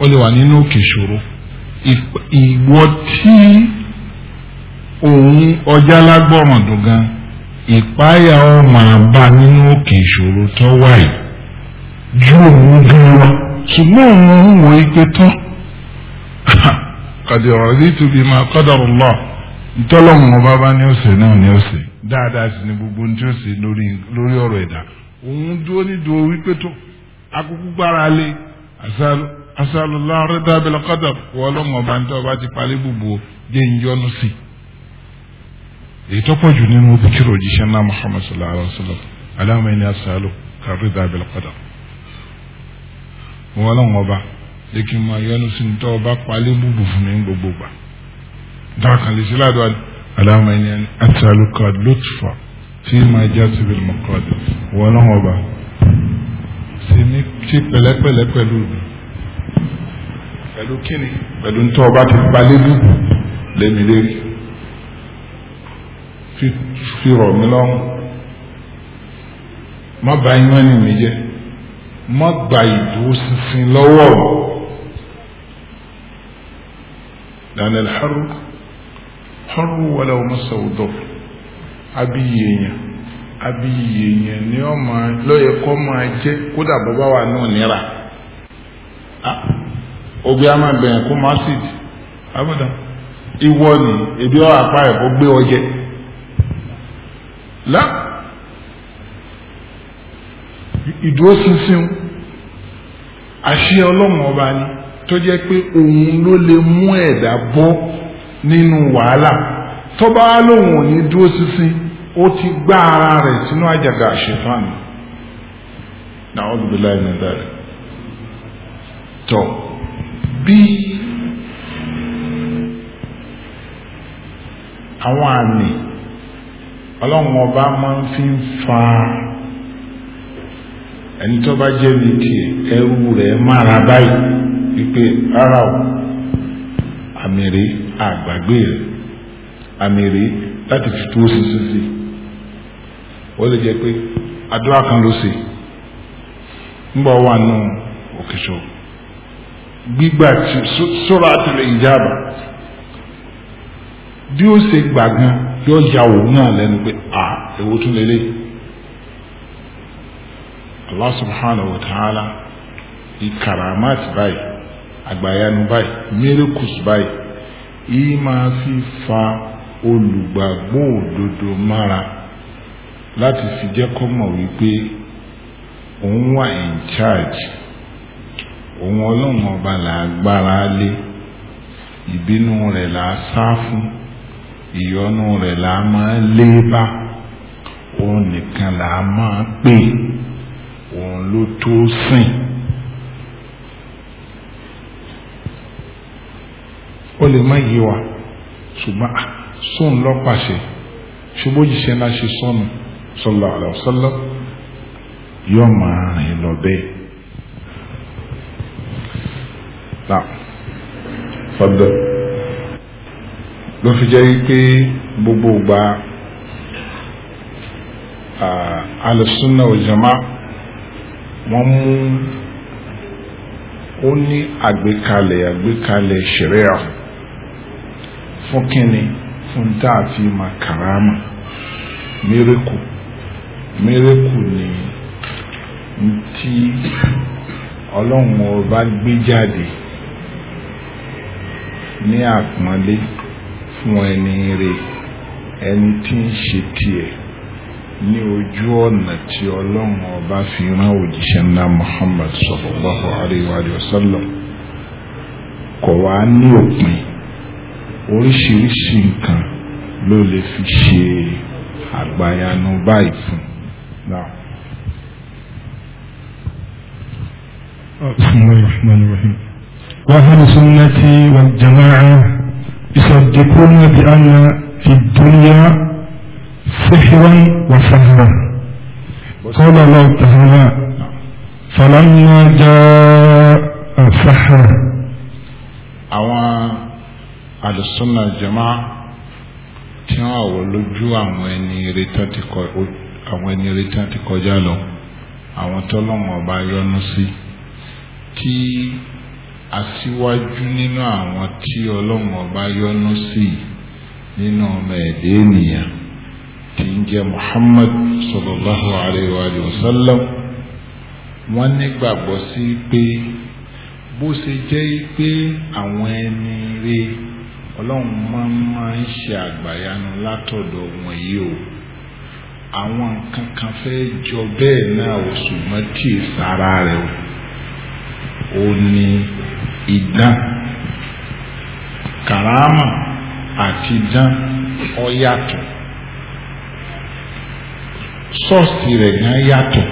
ó lè wà nínú òkè ìṣòro ìwọ tí òun ọjà lágbọ̀ràn gan ìpáyà ọmọ àbá nínú òkè ìṣòro tó wà yìí ju òun gan wa ṣùgbọ́n òun ń wọ tán máa kọ́dọ̀rọ̀ lọ ọba bá ní ọ̀sẹ̀ náà ní ọ̀sẹ̀ dáadáa sì ni gbogbo ní tí ó ṣe lórí ọ̀rọ̀ ẹ̀dá òun dúró nídùú wípé asàlùlá rẹ́dà bẹ̀rẹ̀ kọ́dà wọ́n lọ́wọ́ bá ń tọ́ bá ti parí gbogbo jẹ́ ìjọ́nu sí i. èyí tó pọ̀ jù nínú bí kírò jíṣẹ́ náà muhammad sallallahu alayhi wa sallam aláwọ̀ ẹni asàlù ká rẹ́dà bẹ̀rẹ̀ kọ́dà. wọ́n lọ́wọ́ bá jẹ́ kí n máa yọ́nu sí i tọ́ bá parí gbogbo fún mi gbogbo gbà. dákan lè ṣe ládùá aláwọ̀ ẹni asàlù ká lótùfà tí máa já síbi mọ́kọ́dà wọ́n lọ́wọ́ bá ṣe ní ṣe pẹ̀lẹ́pẹ̀lẹ́ mi pẹ̀lú kíni pẹ̀lú ń tọ́ ọba ti palélú lẹ́mi lérí fi rọ̀ mí lọ́rùn má bà yín ní mi jẹ́ má gba ìdúró sísìn lọ́wọ́ daniel haru haru wàlẹ́ ọmọ sọ̀dọ̀ abiyi èèyàn abiyi èèyàn ni ọ lọ́yẹ̀kọ́ máa jẹ́ kódà bàbá wa náà níra ogbe a máa bẹ̀yẹn kó máa abúdá ìwọ ni ebi ọ apá ẹ̀ kó gbé ọjẹ lá ìdúró sísìn àṣẹ ọlọ́run ọba ni tó jẹ́ pé òun ló lè mú ẹ̀dá bọ́ nínú wàhálà tó bá lóun ò ní dúró sísìn ó ti gbá ara rẹ̀ sínú àjàgà àṣetán ni. Na'udhu billahi min dhalik. Tọ́. bí àwọn àmì ọlọ́run ọba máa ń fi fa ẹni tó bá jẹ́ ní tiẹ̀ ẹrú rẹ̀ mára báyìí wípé rárá o àmì àgbàgbé rẹ̀ àmì láti fi tó sísí sí ó lè jẹ́ pé àdúrà kan ló ṣe ń bọ̀ wà nù òkèṣọ́. gbígbà tí sọ́ra àtìlẹ̀ ìjábà bí ó ṣe gbàgán yóò ya òun náà lẹ́nu pé à èwo tún lélẹ̀ Allah subhanahu wa ta'ala ikaramat báyìí àgbàyanu báyìí miracles báyìí yìí máa fi fa olùgbàgbọ́ òdodo mára láti fi jẹ́ kó mọ̀ wípé òun wà in charge òun ọlọ́run ọba là á gbára lé ìbínú rẹ̀ là á sá fún ìyọnu rẹ̀ là á máa lé bá òun nìkan là á máa pè òun ló tó sìn. ó lè má yé wa ṣùgbọ́n ah, sóun lọ́pàṣẹ ṣùgbọ́n òjìṣẹ́ ńlá ṣe sọnù sallallahu alaihi wasallam yóò máa rìn lọ bẹ́ẹ̀. náà fọdọ ló fi jẹ́ wípé gbogbo ìgbà alùsùnà òjàmá wọ́n mú ó ní àgbékalẹ̀ àgbékalẹ̀ ṣẹ̀ríà fún kínni fún dáàfi ma kàrámà mírèkù mírèkù ni tí ọlọ́run ọba gbé jáde ní àpọ́nlé fún ẹni rẹ̀ ẹni tí ń ṣe tiẹ̀ ní ojú ọ̀nà tí ọlọ́run ọba fi rán òjíṣẹ́ ńlá Muhammad sallallahu alaihi wa sallam wá ní òpin oríṣiríṣi nǹkan ló lè fi ṣe àgbàyanu báyìí fún náà. بسم الله الرحمن الرحيم وأهل السنة والجماعة يصدقون بأن في الدنيا سحرا وسهرا قال الله تعالى فلما جاء السحرة àwọn àlùsùnà jama tí wọn wọ lójú àwọn ẹni retán ti kọjá lọ àwọn tọ́lọ́mọ ọba yọ́nú sí tí aṣíwájú nínú àwọn tí ọlọ́run ọba yọ́nú sí nínú ọmọ ẹ̀dẹ́ ènìyàn tí ń jẹ́ Muhammad sallallahu alayhi wa sallam wọ́n nígbàgbọ́ sí pé bó ṣe jẹ́ pé àwọn ẹni rẹ ọlọ́run máa máa ń ṣe àgbàyanu látọ̀dọ̀ wọn yìí o àwọn nǹkan fẹ́ jọ bẹ́ẹ̀ náà o ṣùgbọ́n kì í sára rẹ o. ó ní idán kàràmà àti idán ó yàtọ̀ sọ́ọ̀sì rẹ̀ gan yàtọ̀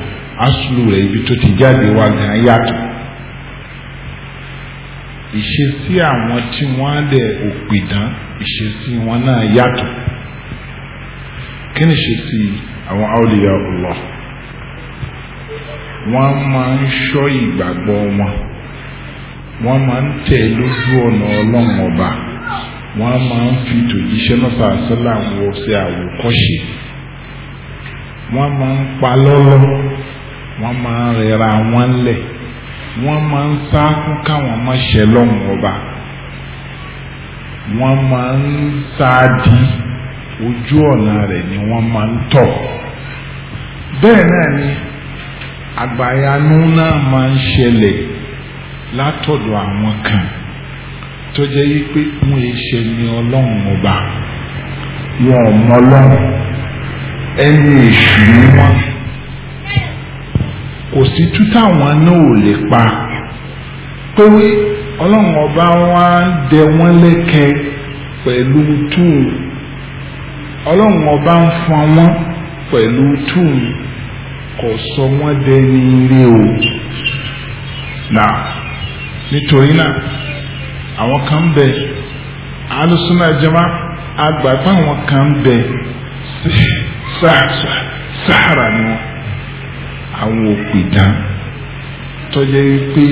asulu rẹ̀ ibi tó ti jáde wá gan yàtọ̀ ìṣesí àwọn tí wọ́n á dẹ̀ òpìdán ìṣesí wọn náà yàtọ̀ kí ni ìṣesí àwọn awliya Allah. wọ́n máa ń ṣọ́ ìgbàgbọ́ wọn wọ́n máa ń tẹ̀ lójú ọ̀nà ọlọ́run ọba wọ́n máa ń fi tòjíṣẹ́ lọ́sà sọ́là wọ sí àwòkọ́ṣe wọ́n máa ń pa lọ́lọ́ wọ́n máa ń rẹra wọn lẹ̀ wọ́n máa ń sá fún káwọn má ṣe lọ́run ọba wọ́n máa ń sáàdì ojú ọ̀nà rẹ̀ ni wọ́n máa ń tọ̀ bẹ́ẹ̀ náà ni. àgbàyanu náà máa ń ṣẹlẹ̀ látọ̀dọ̀ àwọn kan tó jẹ́ wípé wọn è ṣe ni ọlọ́run ọba wọn ò mọ ọlọ́run ẹni èṣù ni wọn kò sí tútà wọn náà ò lè pa pé ọlọ́run ọba wọn á dẹ wọn lẹ́kẹ pẹ̀lú túù ọlọ́run ọba ń fọn wọn pẹ̀lú túù. kọsọ sọ wọ́n dẹni rí o nà nítorí náà àwọn kan bẹ alùsùnà jama àgbàgbà àwọn kan bẹ sahara ni wọn àwọn òpìdán tọ́jẹ́ wípé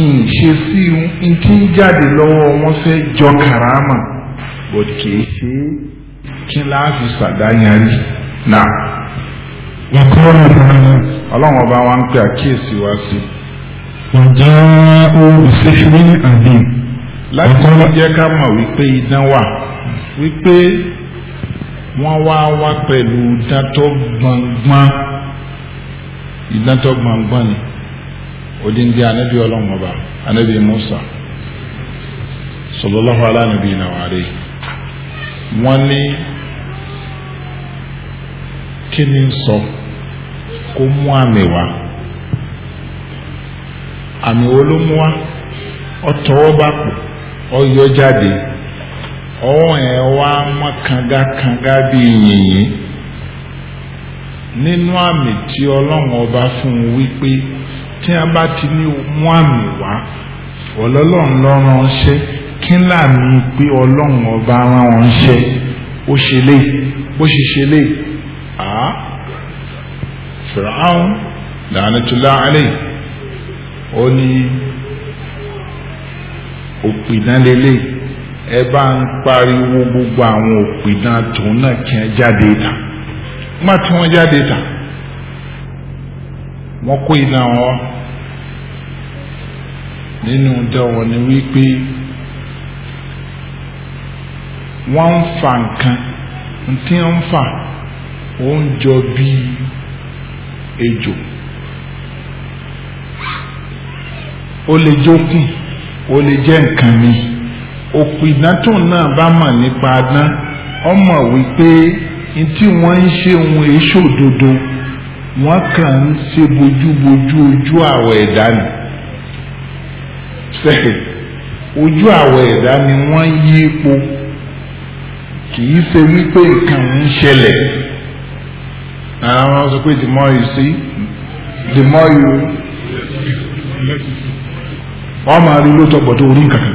ìṣe sí ìtí ń jáde lọ́wọ́ wọn fẹ́ jọ karama bọ̀dì kìí ṣe kí láàfin sàdáyàrí náà. ọlọ́run ọba wa ń pè àkíyèsí wa sí. ọ̀já olùsèṣirí àdìm. láti ló jẹ́ ká mọ̀ wípé idán wà wípé wọ́n wá wá pẹ̀lú idán tó gbọ̀ngbọ̀n idán tó gbọ̀ngbọ̀n ni odindi anabi ọlọ́run ọba anabi Musa sallallahu ala nabiyina wa alayhi wọ́n ní kí ni sọ. So kó mú àmì wá àmì wo ló mú wá ọtọwọ́ bá pò ọyọ jáde ọwọ́ ẹ̀ wá mọ́ kangakanga bíi yìnyín nínú àmì tí ọlọ́run ọba fún un wípé tí a bá ti ní mú àmì wá ọlọ́lọ́run lọ́rùn ṣe kí láàmì pé ọlọ́run ọba rán ṣe ó ṣe lé bó ṣe ṣe lé àá. fìràáhùn làánàtúlá alẹ́ ó ní òpìdán lélẹ̀ ẹ bá ń pariwo gbogbo àwọn òpìdán tòun náà kí ẹ jáde ta má tí wọn jáde ta wọ́n kó iná wọn nínú ni wípé wọ́n ń fa nǹkan ntí wọ́n ń fa ó ń jọ bíi. ejò ó lè jókùn o lè jẹ́ nǹkan mi òpìdán tó náà bá mọ̀ nípa adán ọmọ wípé n tí wọ́n ń ṣe ohun èso òdodo wọ́n kàn ń ṣe bojúbojú ojú àwọ̀ ẹ̀dá ni sẹ́ẹ̀ ojú àwọ̀ ẹ̀dá ni wọ́n yí ipò kì í ṣe wípé nǹkan ń ṣẹlẹ̀. àwọn sọ pé the more you see the more you wọ́n máa rí lóòótọ́ bọ̀ orí nǹkan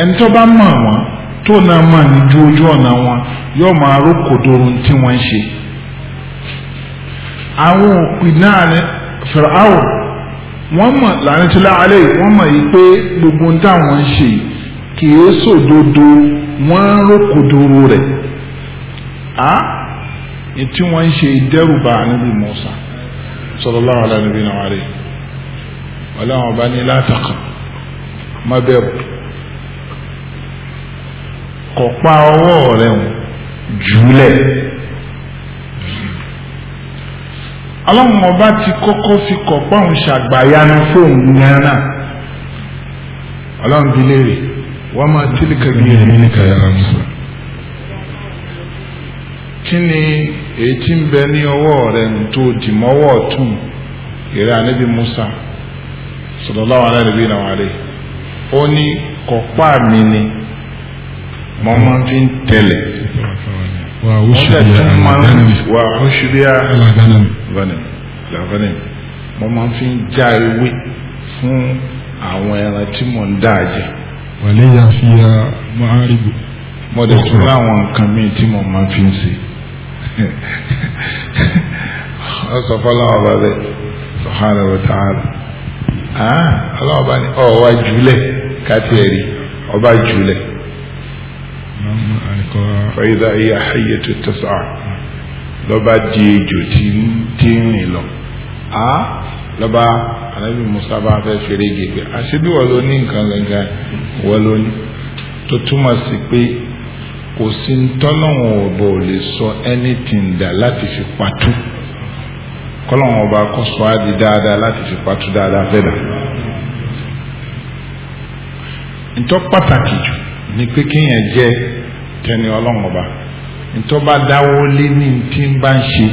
ẹni tó bá mọ̀ wọ́n tó náà ma ní ju ojú wọn yóò máa ró kòdoro tí wọ́n ń ṣe. àwọn òpin náà ni fìràwọ̀ wọ́n mọ̀ tí láàlẹ́ wọ́n mọ̀ yìí pé gbogbo ń táwọn ń ṣe kì í sòdodo wọ́n ń tí wọ́n ń ṣe ìdẹ́rùbà ànábì Musa sallallahu ala nabina wa alayhi ọlọ́run ọba ní látàkà má bẹ̀rù kọ̀ pa ọwọ́ rẹ̀ hùn jùlẹ̀ ọlọ́run ọba ti kọ́kọ́ fi kọ̀ pọ́hùn ṣàgbàyanu fóun náírà ọlọ́run bí léèrè wọ́n máa tílíkà bí ẹ̀mí níkà yàrá kí ni èyí tí nto bẹ ní ọwọ́ rẹ̀ tó dì bi Musa sallallahu alaihi wa alihi ó ní mi ni mo máa fi ń tẹ̀lẹ̀ wà ó ṣubíà làbánìm mo máa fi fún àwọn ẹran tí mo ń dá jẹ. wàlẹ́ yà fi ya máa rí mo láwọn nǹkan míì tí mo fi ń ọsọ fọlọ́wọ́ bá bẹ subhanahu wa ta'ala ọlọ́wọ́ bá ní ọ̀wá jùlẹ̀ káti ẹ̀rí ọba jùlẹ̀ ọ̀yẹ́dá ẹ̀yà ayé tó tẹ̀sà lọ́ba di ejò tí ń rìn lọ lọ́ba anabi musa bá fẹ́ fèrè gègé àṣebí wọ́n ló ní nǹkan gangan wọ́n ló ní tó túmọ̀ sí pé kò ntọ ọ̀bọ̀ o lè sọ anything da láti fi pàtó kọ́lọ́wọ̀n ọba kọ́ dáadáa láti fi pàtó dáadáa fẹ́ dà. ntọ́ pàtàkì jù ni pé kéèyàn jẹ́ tẹni ọlọ́wọ̀n ọba ntọ́ bá dáwọ́ lé ní ti ń bá ń ṣe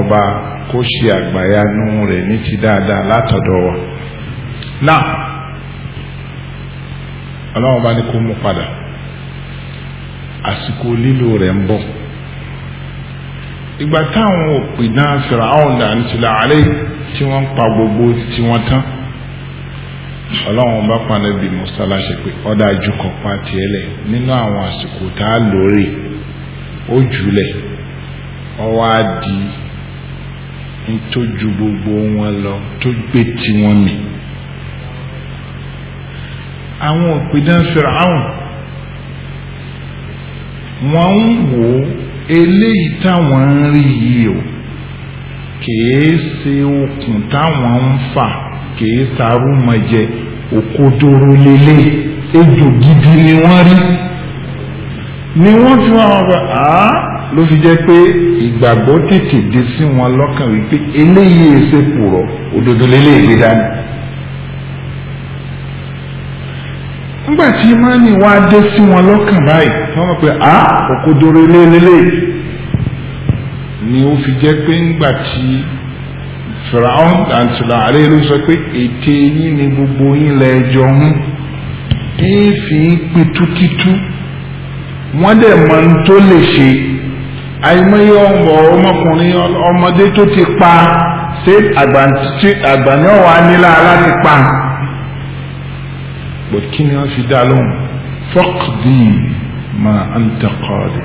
ọba kó ṣe rẹ̀ ní ti dáadáa látọ̀dọ̀ wa. ọlọ́run bá ní kó mú padà àsìkò lílo rẹ̀ ń bọ̀ ìgbà táwọn òpè náà fìrà àwọn dàntìlà àlẹ́ tí wọ́n ń pa gbogbo tí wọ́n tán ọlọ́run bá pa níbi mùsálà ṣe pé ọ̀dà àjùkọ̀ pa tiẹ̀ lẹ̀ nínú àwọn àsìkò tá a lóore ó jùlẹ̀ ọwọ́ á di ntójú gbogbo wọn lọ tó gbé tiwọn mì àwọn òpìdán fìràhùn wọ́n ń wò ó eléyìí táwọn ń rí yìí o kìí ṣe okùn táwọn ń fà kìí sarúmọjẹ òkodoro lélẹ̀ ejò gidi ni wọ́n rí ni wọ́n fi wọ́n wọ́n fẹ́ àá ló fi jẹ́ pé ìgbàgbọ́ tètè dé sí wọn lọ́kàn wípé eléyìí èsè pùrọ̀ òdodo lélẹ̀ ìgbéra ni. nígbà tí imáni wa dé sí wọn lọ́kàn báyìí wọ́n mọ̀ pé a ah, òkodoro lélẹ́lẹ́ ni ó fi jẹ́ pé nígbà tí firaun àtìlà àárẹ̀ ló sọ pé ète yín ni gbogbo yín lẹ jọ ń fi ń pin tútítú wọ́n dẹ̀ mọ̀ ń tó lè ṣe àìmọye ọmọ ọmọkùnrin ọmọdé tó ti pa ṣé àgbà ọ̀wá nílá láti pa but kí ni wọ́n fi dá lóhùn faqdi ma anta qadi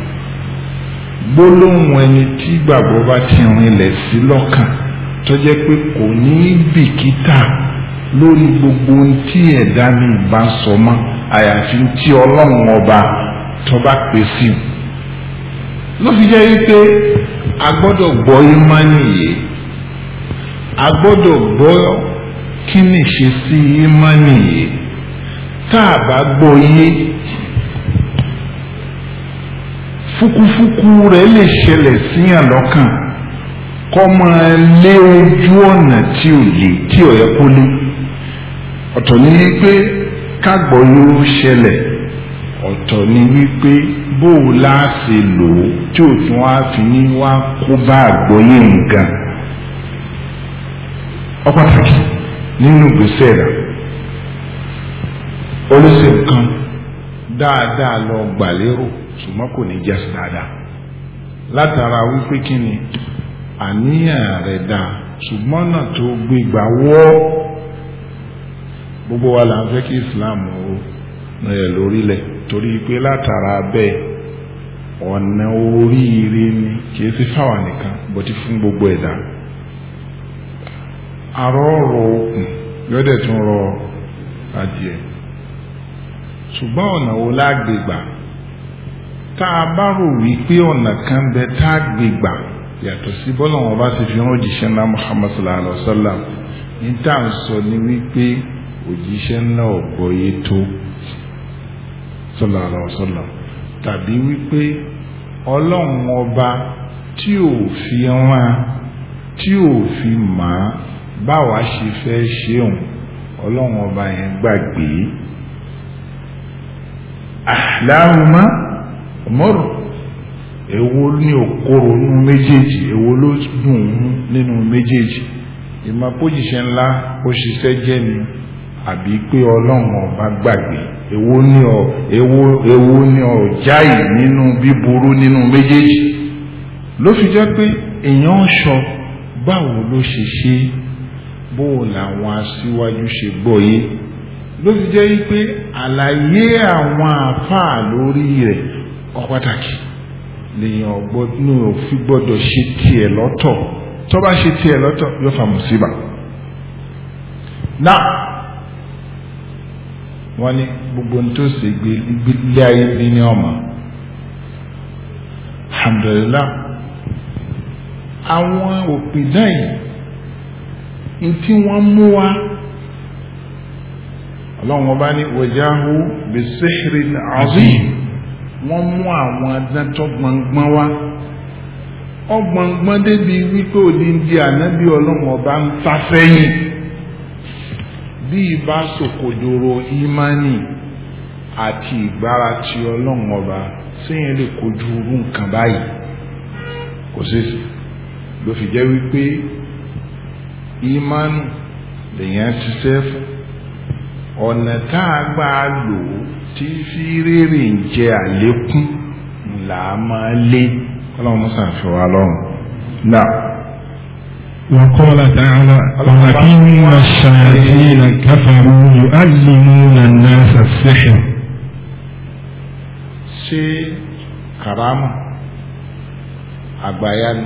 gbólóhùn ẹni tí gbàgbọ́ bá ti rinlẹ̀ sí lọ́kàn tó jẹ́ pé kò ní bìkítà lórí gbogbo ohun tí ẹ̀dá mi bá ń sọ mọ́ àyàfi tí ọlọ́run ọba tó bá pè sí i ló fi jẹ́ wípé a gbọ́dọ̀ gbọ́ ìmánì tá a bá gbọ́ yé fukufuku rẹ̀ lè ṣẹlẹ̀ síyàn lọ́kàn kọ́ máa lé ojú ọ̀nà tí ò lè tí ò yẹ kó lé ọ̀tọ̀ ni wípé kágbọ́ yóò ṣẹlẹ̀ ọ̀tọ̀ ni wípé bóò láàṣẹ lò ó tí ò tún wá fi ní wá kó bá àgbọ́yé nǹkan ọ pàtàkì nínú ìgbésẹ̀ rẹ̀. olùsìn kan dáadáa lọ gbàlérò ṣùgbọ́n kò ní jẹ́sí dáadáa látara wípé kí ni àníyàn rẹ̀ dáa ṣùgbọ́n náà tó gbégbá wọ́ gbogbo wa là ń fẹ́ kí Islam rẹ̀ lórílẹ̀ torí pé látara bẹ́ẹ̀ ọ̀nà oríire ni kìí sí fáwọn nìkan bọ́tí fún gbogbo ẹ̀dá arọ́ rọ okùn yọ́dẹ̀ tún rọ adìẹ ṣùgbọ́n ọ̀nà wo lágbègbà tá a bá rò wípé ọ̀nà kan bẹ tá a gbègbà yàtọ̀ sí bọ́lá wọn bá ti fi hàn òjíṣẹ́ ńlá Muhammad sallallahu alayhi wa sallam ní tá à ń sọ ni wípé òjíṣẹ́ ńlá ọ̀gbọ́yé tó sallallahu alayhi wa sallam tàbí wípé ọlọ́run ọba tí ò fi rán tí ò fi mà á báwa ṣe fẹ́ ṣeun ọlọ́run ọba yẹn gbàgbé àhìláhùnmá mọ́rù èwo ní òkòrò nínú méjèèjì èwo ló dùn ún nínú méjèèjì ìmọ̀pójìṣẹ́ ńlá ó ṣiṣẹ́ jẹ́ ni àbí pé ọlọ́run ọba gbàgbé èwo ní ọ èwo èwo ní ọ jáì nínú bíburú nínú méjèèjì ló fi jẹ́ pé èèyàn ń sọ báwo ló ṣe ṣe bó làwọn aṣíwájú ṣe gbọ́ yìí ló ti jẹ́ wípé àlàyé àwọn àfáà lórí rẹ̀ ọ pàtàkì lèèyàn ọgbọ́nú òfin gbọ́dọ̀ ṣe tiẹ̀ lọ́tọ̀ tó bá ṣe tiẹ̀ lọ́tọ̀ yóò fa mùsíbà. náà wọ́n ní gbogbo ní tó ṣe gbé ilé ayé bí ní ọmọ alhamdulilah àwọn òpìdán yìí ní tí wọ́n mú wa ọlọ́run ọba ní wọ̀jáhù bẹ̀sẹ̀rì azim wọ́n mú àwọn adájọ́ gbọ̀ngbọ́n wá ọgbọ̀ngbọ́n débi wípé òdìndí ànábì ọlọ́run ọba ń ta sẹ́yìn bí ibà sòkòdòrò ìmánì àti ìgbára ti ọlọ́run ọba sẹ́yìn lè kojú irú nǹkan báyìí kò sèse ló fi jẹ́ wípé ìmánì lèyàn ṣiṣẹ́ fún ọ̀nà tá a gbà lò tí fi rírì ń jẹ àlékún là á máa lé ọlọ́run mọ́sà fi wá lọ́rùn. náà. وقال تعالى ولكن الشياطين كفروا يعلمون الناس السحر ṣé karama àgbáyá ni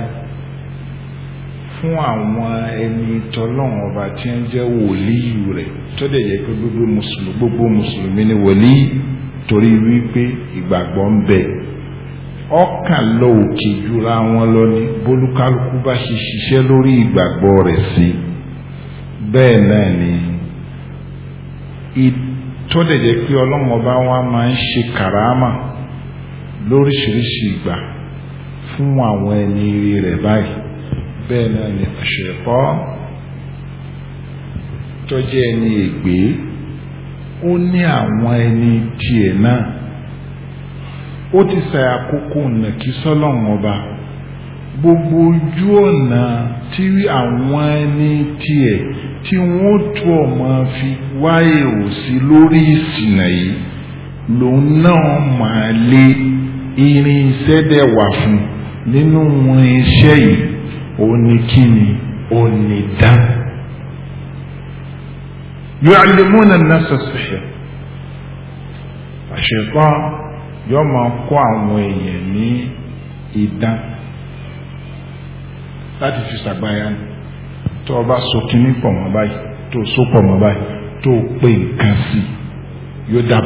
fún àwọn ẹni tọ́lọ́run ọba tí ń jẹ́ wòlíì rẹ̀ tó dẹ̀ yẹ pé gbogbo mùsùlùmí gbogbo mùsùlùmí ni wòlíì torí wípé ìgbàgbọ́ ń bẹ ọkàn lọ òkè jura wọn lọ ní bólúkálukú bá ṣe ṣiṣẹ́ lórí ìgbàgbọ́ rẹ̀ sí bẹ́ẹ̀ náà ni tó dẹ̀ pé ọlọ́run ọba wa máa ń ṣe kàráàmà lóríṣiríṣi ìgbà fún àwọn ẹni rẹ̀ báyìí bẹ́ẹ̀ náà ni àṣẹ̀pọ́ tó jẹ́ ẹni ègbé ó ní àwọn ẹni tiẹ̀ náà ó ti ṣàkókò nàkí sọ́lọ́run ọba gbogbo ojú ọ̀nà tí àwọn ẹni tiẹ̀ tí wọ́n tó ọmọ fi wáyé ò sí lórí ìsìnà yìí lòun náà máa lé irin iṣẹ́ dẹ̀ wà fún nínú irinṣẹ́ yìí oníkíni onídán yu'allimuna an-nasa as-sihr àṣepá yóò máa kọ́ àwọn èèyàn ní idán láti fi ṣàgbáyà tó o bá so kínní pọ̀ mọ́ báyìí tó o so báyìí tó pé nǹkan sí yóò dà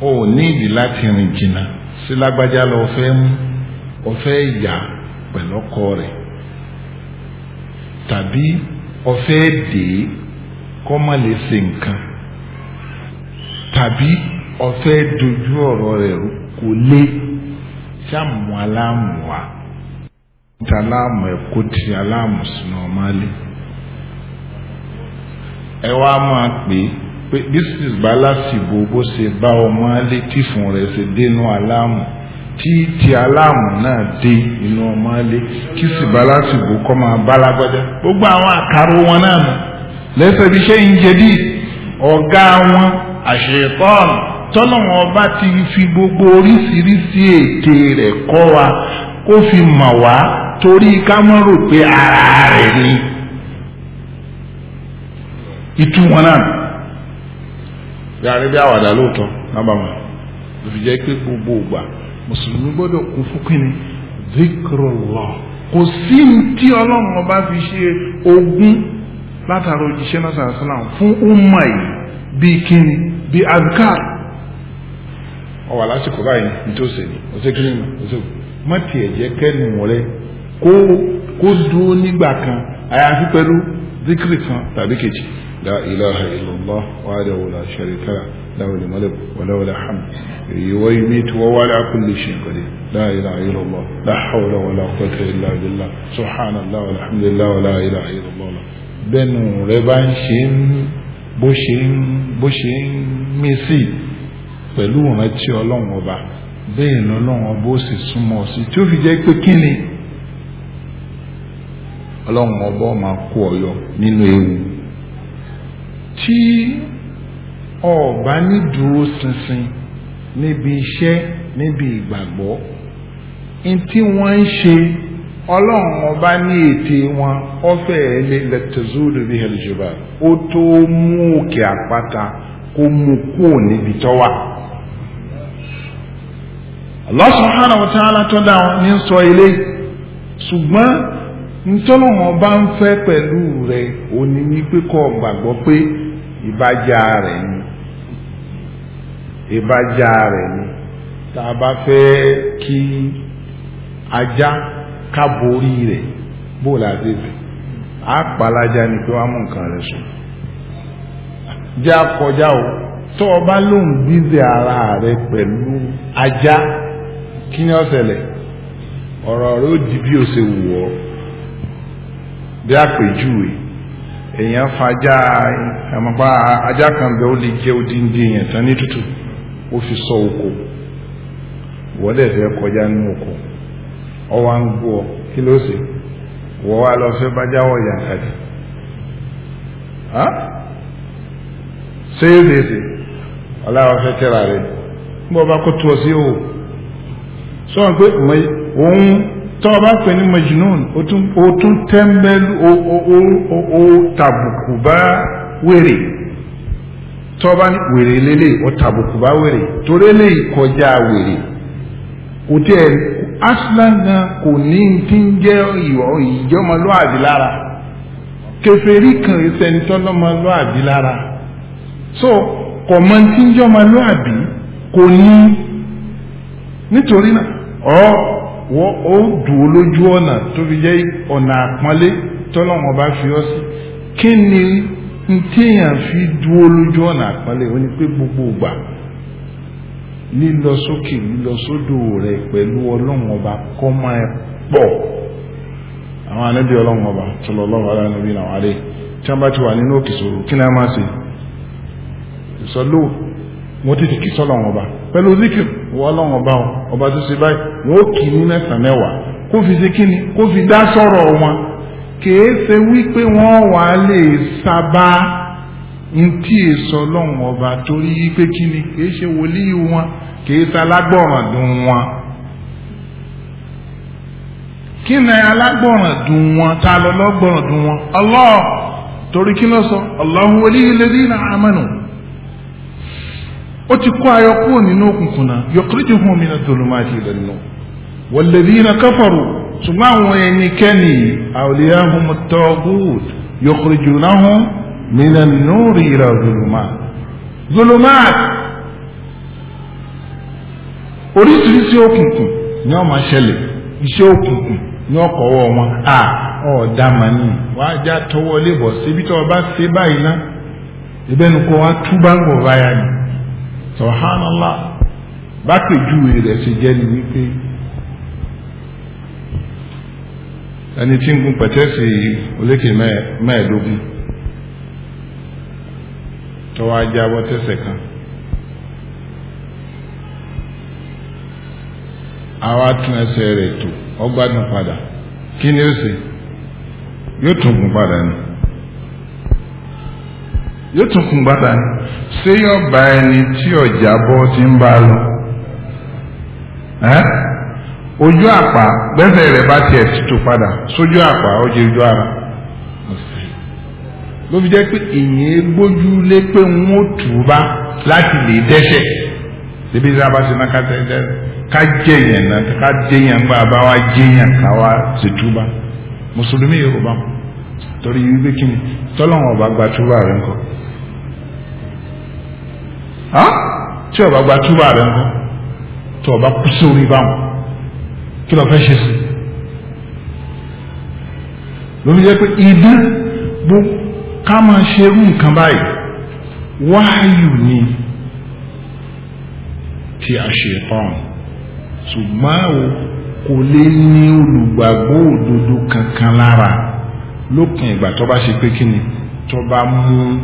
o ní ìdí láti rìn jìnnà sí lágbájá lọ fẹ́ mú. ó ya yà pẹ̀lú tàbí de fẹ́ dè é lè tàbí dojú ọ̀rọ̀ rẹ̀ kò lé wa aláàmù ti aláàmù sínú ọmọ alẹ́ ẹ wá máa pè pé this is bó ṣe bá tí ti aláàmù náà dé inú ọmọ alé kí sì balasi bò kọ́ gbogbo àwọn àkàrò wọn náà nù lẹ́sẹ̀ bí ṣe ń jẹ wọn àṣetọ́ọ̀nù tọ́nà wọn bá ti fi gbogbo oríṣiríṣi ète rẹ̀ kọ́ wa kó fi mọ̀ wá torí ara rẹ̀ ni wọn náà nù. bí a rí bí àwàdà lóòótọ́ gbogbo ògbà. mùsùlùmí gbọ́dọ̀ kún fún kínní zikrullah kò sí tí ọlọ́run ọba fi ṣe ogún látara òjíṣẹ́ náà sàrà sàlám fún umma yìí bíi kínní bíi azkar ọwọ́ alásìkò báyìí nítòsí ni òṣèkìlì ni òṣèkìlì mọ́tì ẹ̀jẹ̀ kẹ́nu wọlé kó kó dúró nígbà kan àyàfi pẹ̀lú zikiri kan tàbí kejì. لا إله إلا الله وحده لا شريك له له الملك وله الحمد ويميت وهو على كل شيء قدير لا إله إلا الله لا حول ولا قوة إلا بالله سبحان الله والحمد لله ولا إله إلا الله بنو ربانشين بوشين بوشين ميسي pẹ̀lú ìrántí ọlọ́run ọba bẹ́ẹ̀ ni ọlọ́run ọba ó sì súnmọ́ sí tí ó fi jẹ́ pé kí ni ọlọ́run ọba ó máa kó ọyọ nínú ewu tí ọba ní dúró ṣinṣin níbi iṣẹ́ níbi ìgbàgbọ́ n tí wọ́n ń ṣe ọlọ́run ọba ní ète wọn ọfẹ́ ẹlẹ́ lẹ́tẹ̀zúrò bí ẹlẹ́jọba ó tó mú òkè àpáta kó mú kúò níbi tọ́wà. Allah subhanahu wa ta'ala tó dá wọn ní sọ ilé ṣùgbọ́n ntọ́lọ́run ọba ń fẹ́ pẹ̀lú rẹ̀ òní ní pé gbàgbọ́ pé. ìbájá rẹ̀ rẹ̀ tá a bá fẹ́ kí ajá káborí rẹ̀ bó la ti fẹ́ á pàlájà ni pé mú nǹkan rẹ̀ sùn jẹ́ àkọjá o tó o bá lóun ara rẹ̀ pẹ̀lú ajá kí ni ó ọ̀rọ̀ rẹ̀ ó di bí o èèyàn fajá ajá kan bẹ́ẹ̀ ó lè jẹ́ odindi èèyàn tán ní ó fi sọ oko wọ́n fẹ́ kọjá nínú oko ọwọ́ ń gbọ́ kí ló ṣe wọ́n wá lọ fẹ́ bájá wọ̀ yàtàdì ṣé yóò lè fẹ́ bá kó o sọ wọn pé tó o bá pè ní majnun o tún tẹ́ḿbẹ́lú o tàbùkù bá wèrè tó o bá ní wèrè lélẹ̀ o tàbùkù bá wèrè torí lè kọjá wèrè kò tí ẹ aslan náà kò ní ti ń jẹ́ ìjọmọlúwàbí lára kèfèrí kan ìsẹ̀ńtọ́lọ́mọlúwàbí lára so kọ̀mọ́ ti ń jọmọlúwàbí kò ní nítorí náà ọ́. wọ́n ó dùn lójú ọ̀nà tó fi jẹ́ ọ̀nà àpọ́nlé tọ́lọ́wọ́n bá fi ọ́ sí kí ni ntíyàn fi dúró lójú ọ̀nà àpọ́nlé ó ní pé gbogbo ìgbà lílọ sókè lílọ sódò rẹ pẹ̀lú ọlọ́run kọ́ máa pẹ̀lú zikir wọ́n ọlọ́run ọba wọn ọba tó ṣe báyìí wọ́n ó kì í ní mẹ́sàn-án mẹ́wàá kó fi ṣe kíni kó fi dá sọ̀rọ̀ wọn kìí ṣe wípé wọ́n wà á lè sábà ntí èso ọlọ́run ọba torí wípé kíni kìí ṣe wòlíì wọn kìí ṣe alágbọ̀ràn dùn wọn. kí ni alágbọ̀ràn dùn wọn ta lọ́lọ́gbọ̀ràn dùn wọn Allah torí kí ló sọ Allahu waliyul ladina amanu ó ti kó ayọ̀ kúrò nínú òkùnkùn náà yọkùrìjì hùn mí náà tòlùmọ́ àti ìlànà náà wọ̀lẹ̀dí iná káfàrò ṣùgbọ́n àwọn ẹnikẹ́ni àwòlíyá hùn mọ́ tọ́gùd yọkùrìjì náà hùn mí náà nóòrì ìlà tòlùmọ́ tòlùmọ́ oríṣiríṣi òkùnkùn ni wọ́n máa ṣẹlẹ̀ iṣẹ́ òkùnkùn ni wọ́n kọ̀wọ́ wọn a ọ̀ọ́dà màní wàá já tọwọ́ lébọ̀ síbi tí wọ́n bá ṣe báyìí ná ìbẹ́nu kó wá ń bọ̀ báyà ni. subhanallah bápèjúwe rẹ̀ ṣe jẹ́ ni wípé ẹni tí ń gun pẹ̀tẹ́sì olékè mẹ́ẹ̀ẹ́dógún tó wá jábọ́ tẹ̀sẹ̀ kan àwa tún rẹ̀ tó ọgbádùn padà kí ni ó yóò tún yóò tún kún bàtà ni ṣé yóò bá ẹni tí ọjà bọ́ ti ń bá lọ ojú àpá gbẹ́sẹ̀ rẹ̀ bá tiẹ̀ tutù padà sójú àpá ó jẹ ojú ara ló fi jẹ́ pé èyàn gbójú lé pé wọ́n ó tù ú bá láti lè dẹ́sẹ̀ débi tí a bá ti ná ká tẹ́tẹ́ ká jẹ̀yàn náà ká jẹ̀yàn gbà bá wa jẹ̀yàn ká wa ṣètúbà mùsùlùmí yorùbá mu torí wípé kí ni tọ́lọ́wọ́n ọba gba túbà rẹ̀ ńkọ́ tí ọba gba túbà rẹ̀ ńkọ́ tó ọba kú sórí báwọn kí lọ fẹ́ ṣe sí lórí jẹ́ pé idán bó ká máa ṣe irú nǹkan báyìí wáyù ni tí a ṣe pọ́n ṣùgbọ́n kò lè ní olùgbàgbọ́ òdodo kankan lára lópin ìgbà tó bá ṣe pé kí ni tó bá mú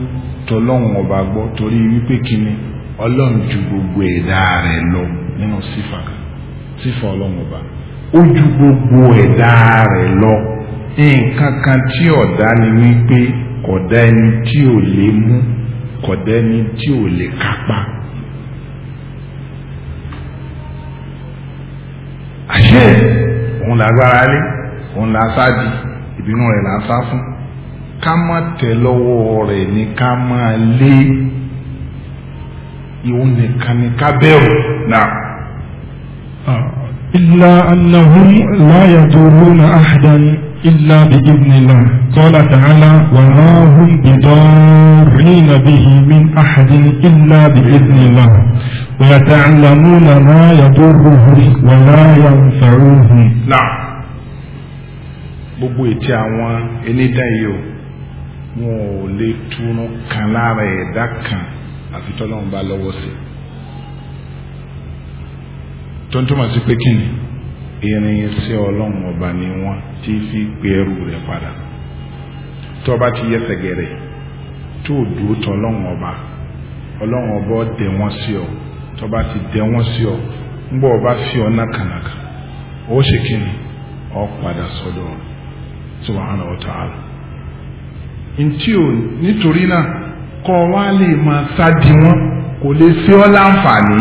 tọlọ́hun ọba gbọ́ torí wípé kí ni ọlọ́run ju gbogbo ẹ̀dá rẹ̀ lọ nínú sífà kan sífà ọlọ́run ọba ó ju gbogbo ẹ̀dá rẹ̀ lọ nǹkan kan tí ọ̀dá ni wípé kọ̀dá ẹni tí ò lè mú kọ̀dá ẹni tí ò lè kápá. àṣẹ òun làgbára lé òun làásádìí ìbínú rẹ̀ là ń sá fún ká má tẹ̀ lọ́wọ́ rẹ̀ ni ká má lé ìwọ nìkan ni ká bẹ̀rù náà. إلا أنهم لا يضرون أحدا إلا بإذن الله قال تعالى وما هم بضارين به من أحد إلا بإذن الله ويتعلمون ما يضرهم ولا ينفعهم نعم gbogbo ètí àwọn elédà yìí o wọn ò lè túnú kan lára ẹ̀dá kan àfi tọ́lọ́run bá lọ́wọ́ sí i tó ń sí pé kí ni irin sí ọlọ́run ni wọ́n ti fi gbé ẹrù rẹ̀ padà tó ti yẹ sẹ̀gẹ̀rẹ̀ tó dúró tọ́ ọlọ́run ọba ọlọ́run ọba dẹ̀ wọ́n ti dẹ̀ wọ́n sí ọ ń bọ̀ ọba fi ọ nákànàkà ó ṣe kí ni subhanahu wa ta'ala ntí o nítorí náà kọ́ wa lè máa sádi wọn kò lè sí ọ láǹfààní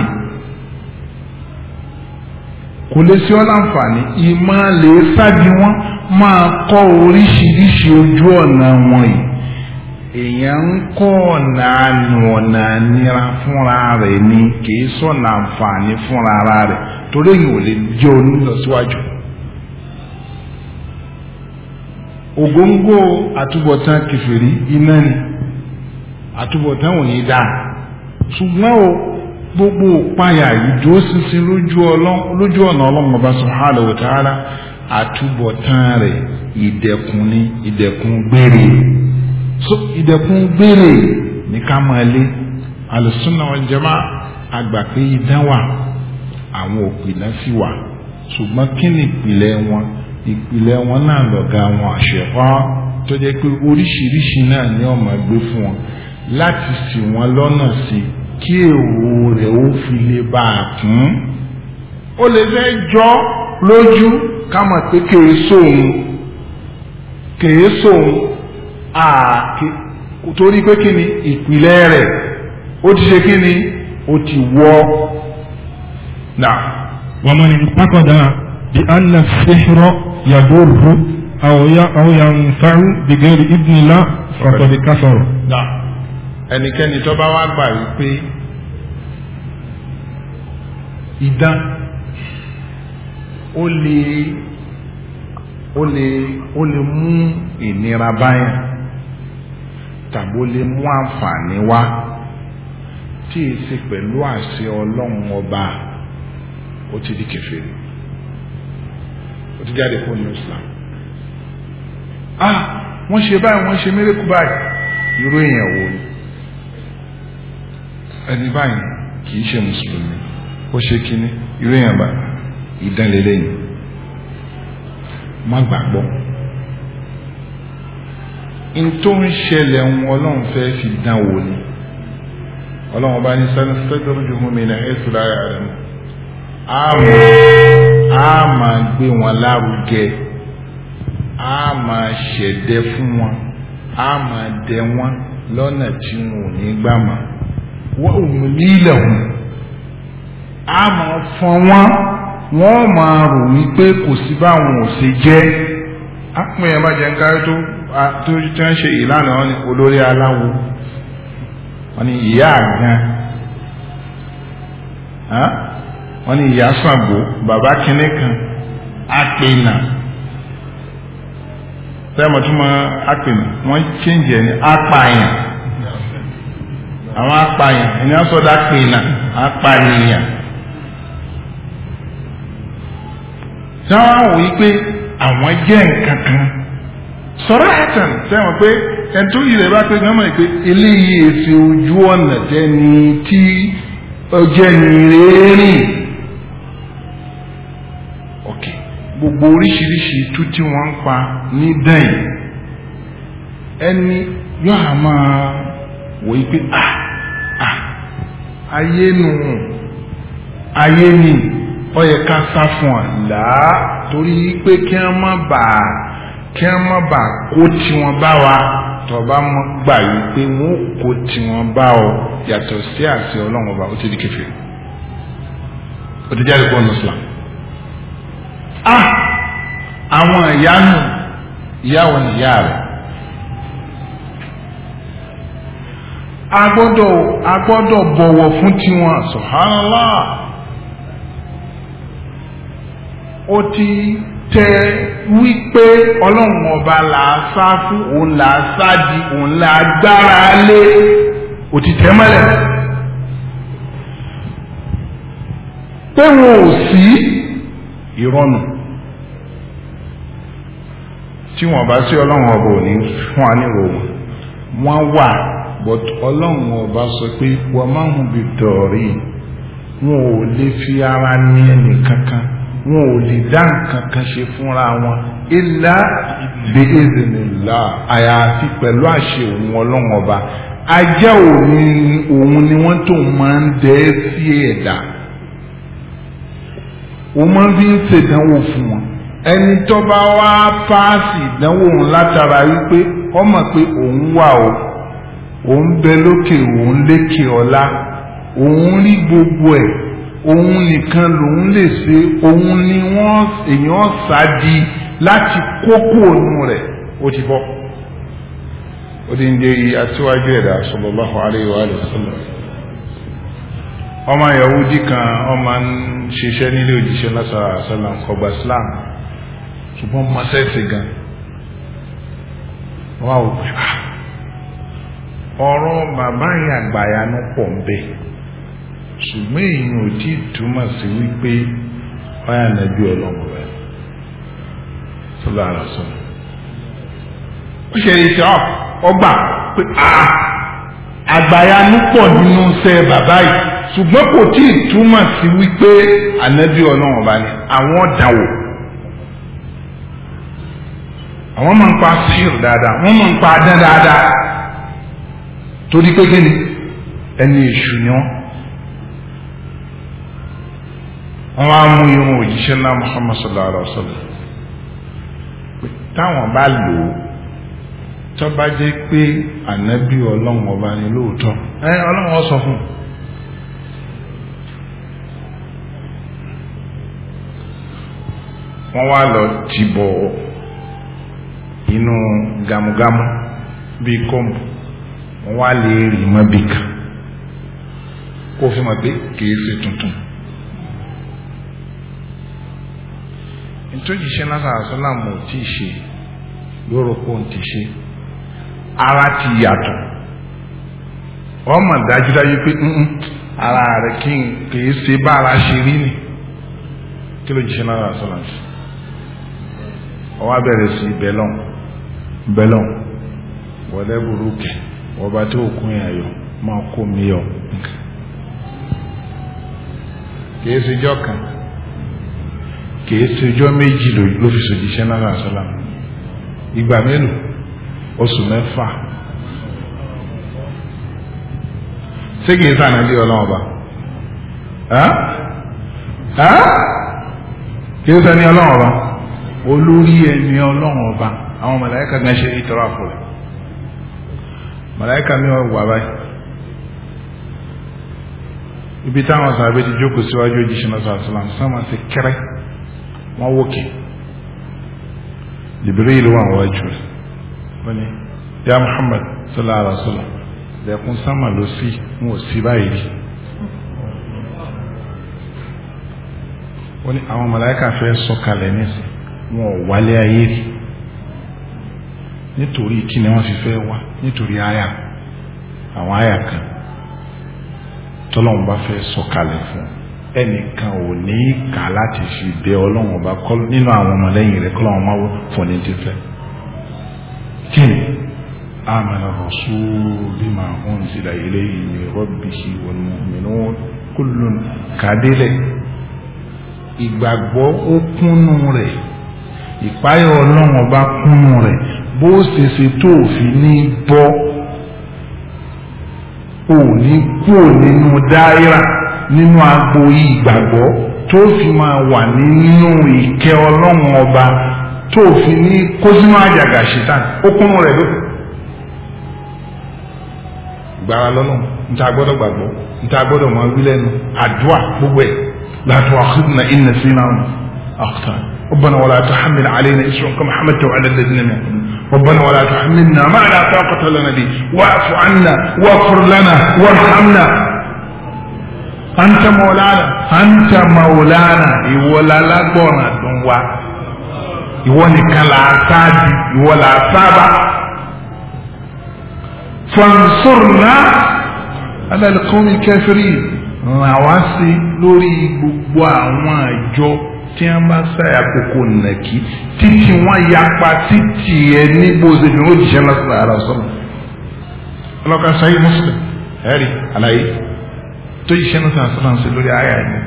kò lè sí ọ láǹfààní ìmọ̀ lè sádi wọn máa kọ́ oríṣiríṣi ojú ọ̀nà wọn yìí èèyàn ń kọ́ ọ̀nà ànú ọ̀nà nira fúnra rẹ̀ ni kì í sọ̀nà àǹfààní fúnra rẹ̀ torí èyí ò lè jẹ́ onílọsíwájú. ògóńgó àtúbọ̀tán kẹfìrí iná ni àtúbọ̀tán ò ní dáa ṣùgbọ́n o gbogbo ìpayà ìdúró ṣinṣin lójú ọ̀nà ọlọ́run ọba subhanahu wa ta'ala àtúbọ̀tán rẹ̀ ìdẹ̀kùn ni ìdẹ̀kùn gbére so ìdẹ̀kùn gbére ní ká máa lé alùsùnà wal jamaa àgbà àwọn òpìdán sì wà ṣùgbọ́n kí ni ìpìlẹ̀ wọn ìpìlẹ̀ wọn náà lọ̀gá wọn àṣẹ̀fọ́ tó jẹ́ pé oríṣiríṣi náà ni ọmọ gbé fún wọn láti ṣì wọ́n lọ́nà sí kí èrò rẹ̀ ó fi lè bá a kún ó lè fẹ́ jọ lójú ká mọ̀ pé kèé sóun kèé sóun àkè torí pé kí ni ìpìlẹ̀ rẹ̀ ó ti ṣe kí ni ó ti wọ́ wọ́n mọ̀ ní pákọ̀dá bí anna fihro. يضره أو أو ينفع بغير إذن الله فقد كفر. ẹnikẹ́ni tó bá wá gbà wípé idán ó lè ó lè ó lè mú ìnira báyà tàbí ó lè mú àǹfààní wá tí èsì pẹ̀lú àṣẹ ọlọ́run ọba ó ti di kèfèrí ó ti jáde kúrò ní Islam ah wọ́n ṣe báyìí wọ́n ṣe mérekù báyìí irú èèyàn wo ni ẹni báyìí kì í ṣe mùsùlùmí ó ṣe kínní irú èèyàn bá ìdánlélẹ́yìn má gbàgbọ́ n tó ń ṣẹlẹ̀ ń ọlọ́run fẹ́ fi dán wò ni ọlọ́run bá ní sanni sẹ́dọ̀rọ̀ jùmọ̀ mi ní ẹ̀sùn láyà rẹ̀ mọ́. a máa gbé wọn lárugẹ a máa ṣẹ̀dẹ̀ fún wọn a máa dẹ wọn lọ́nà tí wọn ò ní gbà mọ́ wọ́n ò mú nílẹ̀ wọn a máa fọn wọn wọn máa rò wípé kò sí báwọn ò ṣe jẹ́ ápùn yẹn bá jẹ́ ń kárí tó tí wọ́n ṣe ìlànà wọn ni olórí aláwo wọn ni ìyá àgbọn. wọ́n ni ìyá Ṣàngó bàbá kínní kan àpènà sẹ́yìn mọ̀túnmọ́ àpènà wọ́n chíǹjẹ̀ ní apààyàn àwọn apààyàn ẹni àsọdá pènà apànìyàn. sáwọn wò yí pé àwọn jẹ́ nǹkan kan sọ̀rọ̀ àtàn pé ẹ̀tọ́ ilẹ̀ bá pé gbọ́mọ̀ pé eléyìí èsì ojú ọ̀nà tẹ́ni tí ọjẹ́ ni rèé rìn. gbogbo oríṣiríṣi itú tí wọ́n ń pa ní dẹ́yìn ẹni yóò á máa wò yí pé ayé nù ayé ni ó yẹ ká sá fún ọ làá torí pé kí wọ́n má bàa kí wọ́n má bàa kó tiwọn bá wa tọba mọ gbà yìí pé wọn ò kó tiwọn bá ọ yàtọ̀ sí àṣẹ ọlọ́run ọba ó ti di kẹfẹ́ ó ti jáde kó ọ̀nà islam. Ah, àwọn ìyá nù ìyàwó ni ìyá rẹ̀ a gbọ́dọ̀ a gbọ́dọ̀ bọ̀wọ̀ fún tiwọn subhanallah ó ti tẹ wípé ọlọ́run ọba là á sá fún òun là á sá di òun là á gbára lé ó ti tẹ mọ́lẹ̀. pé wọn ò sí ìrọ̀nù tí wọ́n bá sí ọlọ́run ọba ò ní fún anírò wọn wà but ọlọ́run ọba sọ pé wọ́n máa ń bi tọ̀ọ̀rì wọn ò lè fi ara ní ẹnì kankan wọn ò lè dá nǹkan kan ṣe fúnra wọn ilá bí ìzìnnìlá àyàfi pẹ̀lú àṣẹ òun ọlọ́run ọba ajá òun ni wọ́n tó máa ń dẹ́ sí ẹ̀dá òun máa ń fi ń ṣèdánwò fún wọn. ẹni tó bá wá páàsì ìdánwò òun látara wípé ó pé òun wà o òun bẹ lókè òun lékè ọ̀la òun rí gbogbo ẹ òun nìkan lòun lè ṣe òun ni wọ́n èèyàn ṣáàdì láti kókó òun rẹ ó ti bọ́. ó ti ń de aṣíwájú ẹ̀dá sallallahu ọmọ Yahudi kan ọmọ ń ṣiṣẹ́ nílé òjíṣẹ́ lásán Islam ṣùgbọ́n masẹ́sì gan wà ó pè á ọ̀rọ̀ bàbá yẹn àgbàyanu pọ̀ ń bẹ ṣùgbọ́n èèyàn ò tí ì túmọ̀ sí wípé báyà nàbí ọlọ́run rẹ̀ sọlá ara ó ṣe ìṣe ọgbà pé ah, àgbàyanu pọ̀ nínú iṣẹ́ bàbá yìí ṣùgbọ́n kò tí ì túmọ̀ sí wípé ànábì ọlọ́run ọba ni àwọn dàwọ̀ àwọn máa ń pa sír dáadáa wọ́n máa ń pa adán dáadáa torí pé kí ni ẹni èṣù ni wọ́n wọ́n á mú irun òjíṣẹ́ ńlá Muhammad sallallahu alaihi wa sallam táwọn bá lò ó tó bá jẹ́ pé ànábì ọlọ́run ọba ni lóòótọ́ ẹ ọlọ́run ọ fún un. wọ́n wá lọ tìbọ̀ ọ́ inú gamugamu bíi kọ́ǹpù wọ́n wá lè rì mọ́ bí kan kó fi mọ̀ pé kìí ṣe tuntun. nítorí iṣẹ́ náà sàásọ́làmù ò tí ì ṣe lóró kó ń ti ṣe ara ti yàtọ̀ wọ́n mọ̀ dájúdájú pé ara rẹ̀ kìí ṣe bá ara ṣe rí ni kí ló jíṣẹ́ náà sàásọ́làmù ọwọ́ abẹ́rẹ́ sí ibẹ̀ lọ́hùn. bẹ́lọ̀ wọlé burúkú ọba tí ó kún máa kó mi yọ kìí náà ìgbà mélòó oṣù ṣé kìí sànà bí ọlọ́wọ́ bá kìí sànà olórí ẹni ọlọ́wọ́ àwọn màláíkà náà ṣe ìtọ́ráfù rẹ̀ màláíkà mi wà báyìí ibi táwọn sàbẹ̀ ti jókòó síwájú òjíṣẹ́ náà sàlám sàmà sí kẹrẹ wọn wókè Jibril wà wájú rẹ̀ wọ́n ni ya Muhammad sallallahu alaihi wa sallam lẹ́kùn sàmà ló sí wọn ò sí báyìí rí wọ́n ni àwọn màláíkà fẹ́ sọ̀kalẹ̀ nísìn wọn ò wálé ayé rí nítorí kí ni wọ́n fi fẹ́ wá nítorí àyà àwọn àyà kan tọ́lọ́run bá fẹ́ sọ̀kalẹ̀ fún ẹnìkan ò ní kà láti fi bẹ ọlọ́run ọba kọ́ nínú àwọn ọmọlẹ́yìn rẹ̀ kọ́lọ́run máa wọ fún ní ti fẹ́ kí ni amana rasul bima unzila ilayhi min rabbihi wal mu'minun kullun kàdélẹ̀ ìgbàgbọ́ ó kúnnú rẹ̀ ìpáyọ̀ ọlọ́run kúnnú rẹ̀ bó ṣe ṣe tó òfin ní bọ́ ò ní kúrò nínú dáírà nínú agbo ìgbàgbọ́ tó fi máa wà nínú ìkẹ́ ọlọ́run ọba tó fi ní kó àjàgà ṣetán ó kúnnú rẹ̀ ló gbàrà lọ́nà níta gbọ́dọ̀ gbàgbọ́ níta gbọ́dọ̀ máa wí lẹ́nu àdúrà gbogbo ẹ̀ látọ̀ àkúrò náà náà ربنا ولا تحمل علينا إسرا كما حملته على الذين من ربنا ولا تحملنا ما لا طاقة لنا به واعف عنا واغفر لنا وارحمنا أنت مولانا أنت مولانا يولا إيوه لا دونا دونوا يولي إيوه كلا إيوه سادي يولا سابا فانصرنا على القوم الكافرين نواسي نوري sí وما جو tí wọ́n bá sáyà kókó nàkí títí wọ́n yapa títí ẹ níbo ṣe ni ó jẹ́ lọ́sọ̀rọ̀ ara sọ̀rọ̀ ọlọ́ka sáyé mùsùlùm ẹ̀rí àlàyé tó yìí ṣẹ́nu sàn sọ́nà sí lórí àyà ẹ̀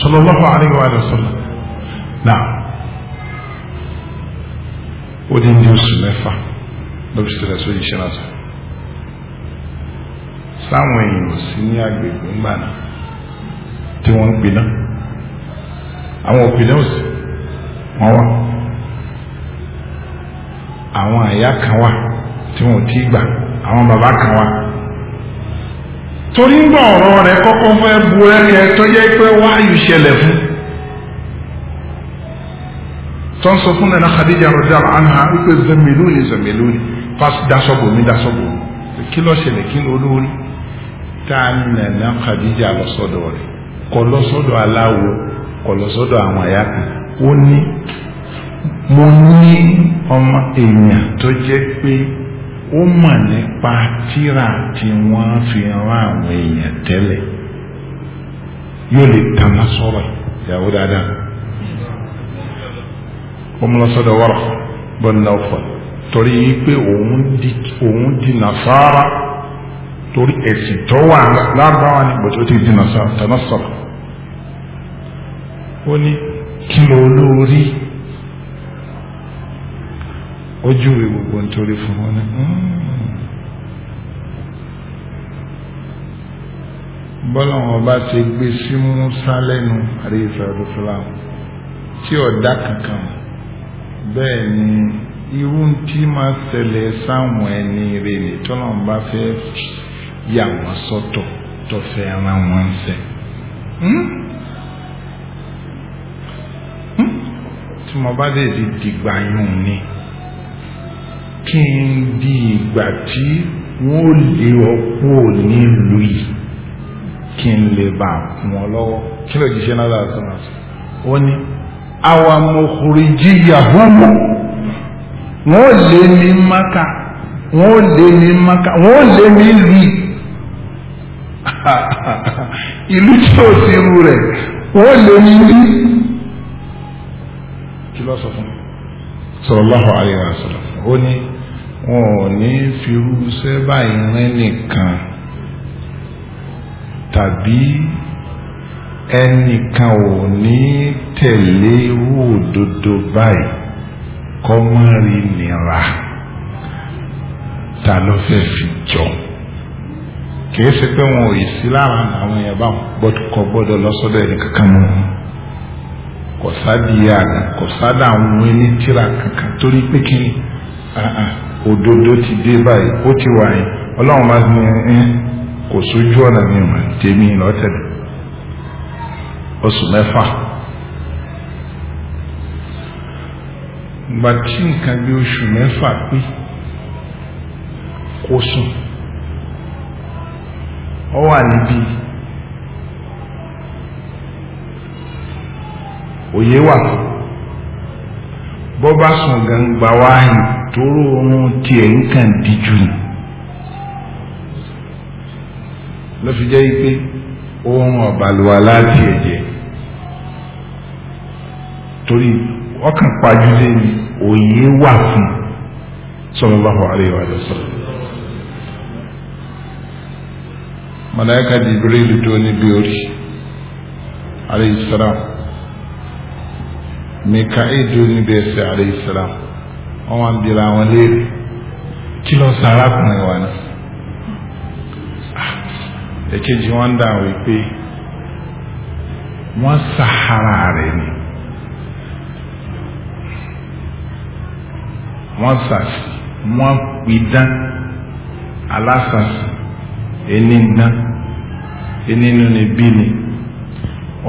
sallallahu alaihi wa sallam náà ó dín ní oṣù mẹ́fà lọ́bi sílẹ̀ sóyè ṣẹ́nu sàn sáwọn èèyàn sí ní agbègbè ńgbà náà tí wọ́n ń gbiná àwọn òpinnu òsì wọ́n wà àwọn àyà kan wà tí wọ́n ti gbà àwọn bàbá kan wà torí ń gbọ́ ọ̀rọ̀ rẹ̀ kọ́kọ́ fẹ́ bu ẹ̀kẹ́ tó jẹ́ pé wáyù ṣẹlẹ̀ fún tó ń sọ fún nana Khadija rọdà anha wípé zẹmìlú ni zẹmìlú ni dasọ́bù mi dasọ́bù kí ló ṣẹlẹ̀ kí ló lórí tá a nana Khadija lọ sọ́dọ̀ rẹ̀ kò lọ sọ́dọ̀ aláwo kò lọ sọ́dọ̀ àwọn àyà kan ó ní mo ní ọmọ èèyàn tó jẹ́ pé ó mọ̀ nípa tírà tí wọ́n fi rán àwọn èèyàn tẹ́lẹ̀ yóò lè tàná sọ̀rọ̀ ìyàwó dáadáa ó mú lọ sọ́dọ̀ wọ́rọ̀ torí pé òun di òun di nàfàrà torí ẹ̀sìn tó wà lárúbáwá ní bọ̀tí ó ti di tànásọ̀rọ̀ ó ní kí ló lórí ojú ìwé gbogbo nítorí fún wọn ní. Hmm. bọ́lá wọn bá ti gbé sí Musa lẹ́nu àríyíṣẹ́ ọdún fúláwọ̀ tí ọ̀dà kankan bẹ́ẹ̀ ni irú tí máa ṣẹlẹ̀ sáwọn ẹni rẹ̀ ní tọ́lọ́mùbá fẹ́ yà wọ́n sọ́tọ̀ tó fẹ́ ran wọn ń fẹ́. Hmm? Hmm? tí mo bá lè di dìgbà yóò ní kí n di ìgbà tí wọ́n lé ọkú nílùú yìí kí n lè bá kún ọ lọ́wọ́ kí ló jíṣẹ́ náà láti sọ̀rọ̀ sí. ó ní àwa mọ̀kùrìjì yahumu wọ́n lé ní maka wọ́n lé ní maka wọ́n lé ní lùí ìlú tí ó ti rú rẹ̀ wọ́n lè ní rí kí ló sọ fún mi sallallahu alaihi wasallam ó ní wọn ò ní firú sẹ́bà ìrìn nìkan tàbí ẹnìkan ò ní tẹ̀lé irú òdodo báyìí kọ́ mọ́ rí nira ta ló fẹ́ fi jọ. kìí ṣe pé wọn ò lára àwọn èèyàn kọ lọsọdọ ẹni kankan kò sádìí àgbà kò sádà àwọn ẹni kankan torí pé kí òdodo ti dé báyìí ó ti wà yìí ọlọ́run máa ní ẹ kò sójú ọ̀nà mi mà tèmi lọ́tẹ̀lẹ̀ mẹ́fà gbàtí nǹkan bí oṣù mẹ́fà pé ọ wà níbí òye wà bọ́ bá sùn gbangba wáyìn tóró ohun tiẹ̀ ń kàn díjú ni ló fi jẹ́ pé ohun ọ̀bàlùwà láti ẹ̀jẹ̀ torí ọkàn pàjùlé ní òye wà fún sallallahu alaihi wa mọ̀láyíkà Jibril tó níbi orí aleyhisselam Mikael tó níbi ẹsẹ̀ aleyhisselam wọ́n wá ń bira wọn léèrè kí ló sa arákùnrin wa ni èkejì wọn dà wípé wọ́n sàhárà rẹ̀ ni wọ́n sàsì wọ́n pidán alásàsì ení ná ení nínú ni bí ni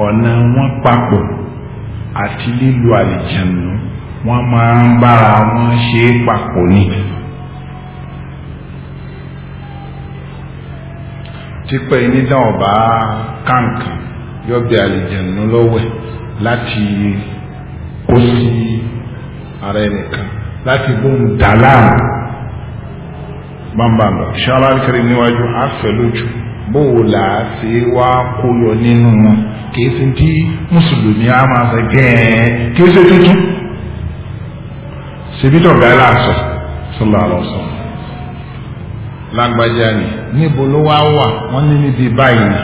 ọ̀nà wọn papọ̀ àti lílo àlìjànú wọn máa ń bára wọn ṣe é papọ̀ ni. tipẹ́ nígbà ọ̀bá kàǹkà yọ̀bẹ àlìjànú lọ́wẹ̀ láti kó sí ara ẹnìkan láti bóun dà láàmú bàbá lọ ṣáàlá kiri níwájú àfẹlójú bó o là á ṣe wá kó yọ nínú wọn kìí ṣe tí mùsùlùmí á máa ṣe gẹ́ẹ́ kìí ṣe tuntun ṣèbí tó bẹ́ẹ̀ láàṣọ sọlá lọ sọ lágbájá ni níbo ló wá wà wọ́n ní níbi báyìí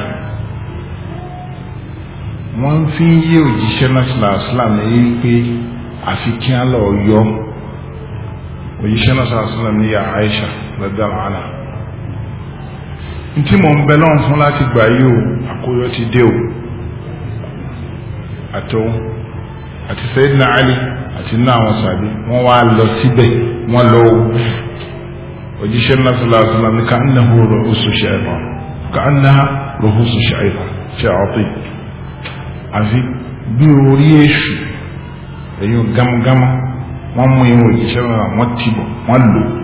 ni fi ń yé òjíṣẹ́ náà sílá lẹ́yìn pé àfi kí á lọ yọ òjíṣẹ́ náà sílá ní Aisha lọ́dàrà àlà ntí mò ń bẹ lọ́n fún láti gbà yí o àkóyọ ti dé o àtòun àti Sayyidina Ali àti nínú àwọn sàbí wọ́n wá lọ síbẹ̀ wọ́n lọ wò òjíṣẹ́ náà sọlá sọlá ní ká nà hó rọ oṣù ṣẹ́ẹ̀bà ká nà rọ oṣù ṣẹ́ẹ̀bà ṣe ọ̀tí àfi bí orí èṣù ẹ̀yìn gámgámá wọ́n mú irun òjíṣẹ́ náà wọ́n ti bọ̀ wọ́n lò ó.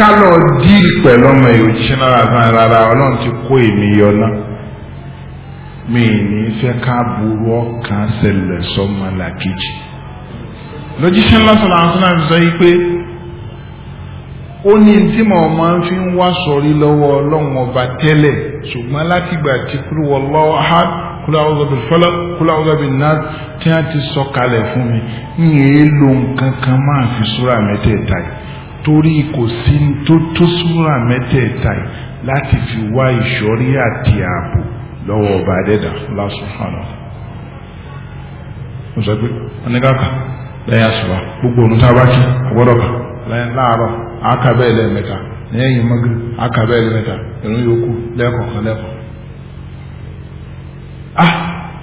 ká lọ díìlì pẹ̀lú ọmọ èyí òjíṣẹ́ náírà rárá ọlọ́run ti kó èmi yọ náà mi ní fẹ́ ká burú ọkàn ṣẹlẹ̀ sọ́mọ làkejì lójíṣẹ́ lọ́sọ̀rọ̀ àwọn sọ́nà sọ yìí pé ó ní fi ń wá sọ̀rí lọ́wọ́ ọlọ́run ọba tẹ́lẹ̀ ṣùgbọ́n tí kúrò lọ́wọ́ kúrò àwọn ti sọ fún mi ń nǹkan kan máa fi torí kò sí tó tó súnmọ́ yìí láti fi wá ìṣọ́rí àti ààbò lọ́wọ́ ọba adẹ́dà lásùnfàànà mo sọ pé oníkàkà lẹ́yìn àṣùwà gbogbo ohun tá a bá kí àgbọ́dọ̀ kà lẹ́yìn láàárọ̀ lẹ́yìn ìrún lẹ́ẹ̀kọ̀ọ̀kan ah!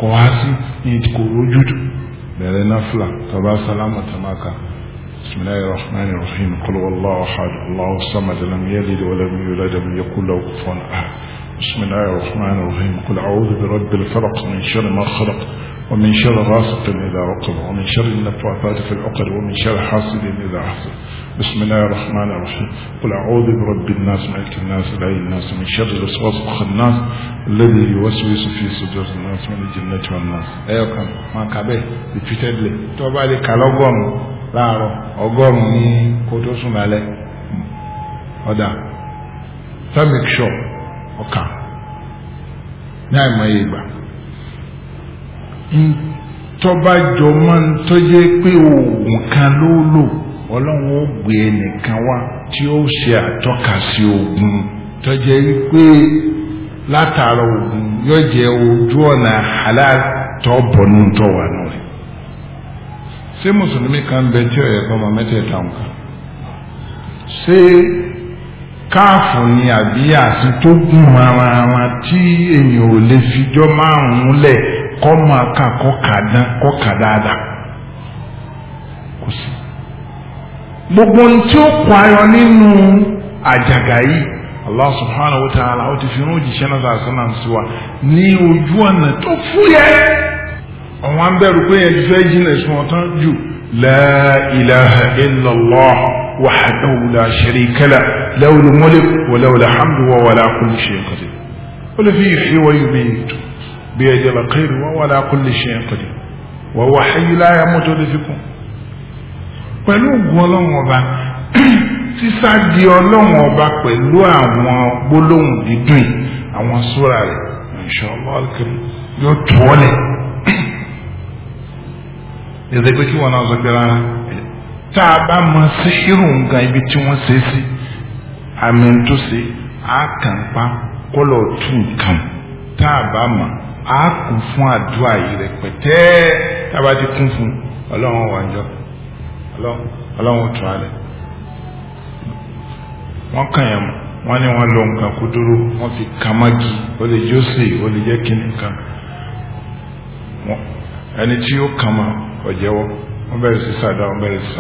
wá sí ní ìdíkò rójú bẹ̀rẹ̀ náà tọ́ba sálámù tàmáka بسم الله الرحمن الرحيم قل والله احد الله الصمد لم يلد ولم يولد ولم يكن له كفوا احد بسم الله الرحمن الرحيم قل اعوذ برب الفلق من شر ما خلق ومن شر غاسق اذا وقب ومن شر النفاثات في العقد ومن شر حاسد اذا حسد بسم الله الرحمن الرحيم قل اعوذ برب الناس ملك الناس اله الناس من شر الوسواس الخناس الذي يوسوس في صدور الناس من الجنه والناس ايوه كان ما كابي repeatedly تو بالي كالوغوم láàárọ̀ ọgọ́rùn-ún ní kó tó sùn lálẹ́ ọ̀dà thermic shock ọ̀kà ní àìmọye ìgbà tọ́ba jọ máa ń tọ́jẹ́ pé oògùn kan ló lò ọlọ́run ó gbé ẹnìkan wá tí ó ṣe àtọ́ka sí oògùn tọ́jẹ́ pé látara oògùn yóò jẹ́ ojú ọ̀nà halal tọ́ bọ̀nú tọ́wà ṣé musulmi kan bẹ tí ọ̀yẹ́ kọ́ nǹkan káàfù ni àbí àti tó gùn márama tí èèyàn ò lè fijọ́ márùn-ún kọ máa kà kà dán kà dáadáa kò gbogbo ohun tí ó kọ ayọ̀ nínú àjàgà yìí Allah subhanahu wa ta'ala ó ti fi irun òjìṣẹ́ náà sàásánà sí wa ní ojú ọ̀nà tó àwọn à ń bẹ̀rù pé yẹn fẹ́ jìnnà sun ọ̀tán jù la ilaha illallah wahdahu la sharika lah lahul mulku wa lahul hamdu wa huwa ala kulli shay'in qadir ó lè fi ìfẹ́ wáyé bí ètò bí ẹ̀jẹ̀ bá kéèrè wa huwa ala kulli shay'in qadir wa huwa hayyun la yamutu lè fi kún pẹ̀lú ògùn ọlọ́run ọba sísá di ọlọ́run ọba pẹ̀lú àwọn gbólóhùn dídùn àwọn súra rẹ̀ inshallah ẹsẹ pé kí wọn náà sọ pé rárá tá a bá mọ sí irun nǹkan ibi tí wọn ṣe sí àmì tó ṣe á kàn pa kọlọ tù nǹkan tá a bá mọ á kún fún àdúrà yìí rẹpẹtẹ tá a bá ti kún fún Ọlọ́run wà ń jọ Ọlọ́run ò tún alẹ wọn kàn yẹn mọ wọn ní wọn lọ nǹkan kó dúró wọn fi kàmági ó lè jọ́sìn ó lè jẹ́ kí nǹkan ẹni tí ó kàn máa. ọ̀jẹ̀wọ́ wọ́n bẹ̀rẹ̀ sí sàdúrà ọba bẹ̀rẹ̀ sí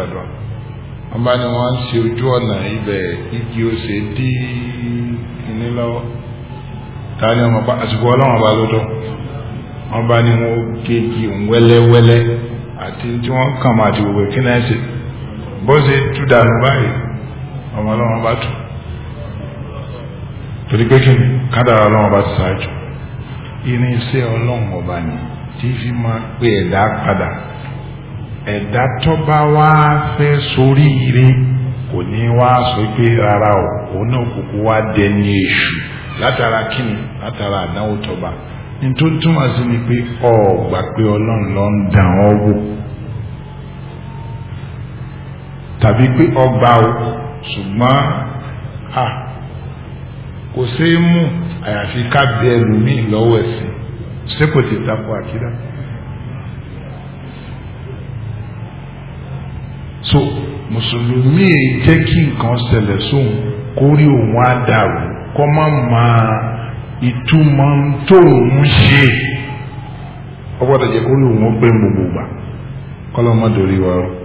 ṣe ojú ọ̀nà ibẹ igi ose dí kíní lọ́wọ́ ta ni àti tí kàn máa ti wòwé kí náà ṣe tú dànù báyìí ọmọ tù torí pé kí ni kádàrà ti irinṣẹ́ ọba ẹ̀dá tó bá wá fẹ́ sórí ire kò ní wá sọ pé rárá o òun náà kúkú wá dẹni èṣù látara kíni látara àdánwò tọba nítorí túmọ̀ sí ni pé ọ pé ọlọ́run ló ń dàn ọ́ wò tàbí pé ọgbà o ṣùgbọ́n a kò ṣeé mú àyàfi ká bẹ ẹlòmíì lọ́wọ́ ẹ̀sìn ṣé kò ti takò àkídá. so mùsùlùmí èyí jẹ́ kí nǹkan ṣẹlẹ̀ sóhun kó rí òun á dàrú kó má máa ìtumọ̀ tó òun ṣe ọgbọ́dọ̀ jẹ́ kó rí òun ó pé gbogbo gbà kọ́lọ́mọdé orí wa rọ.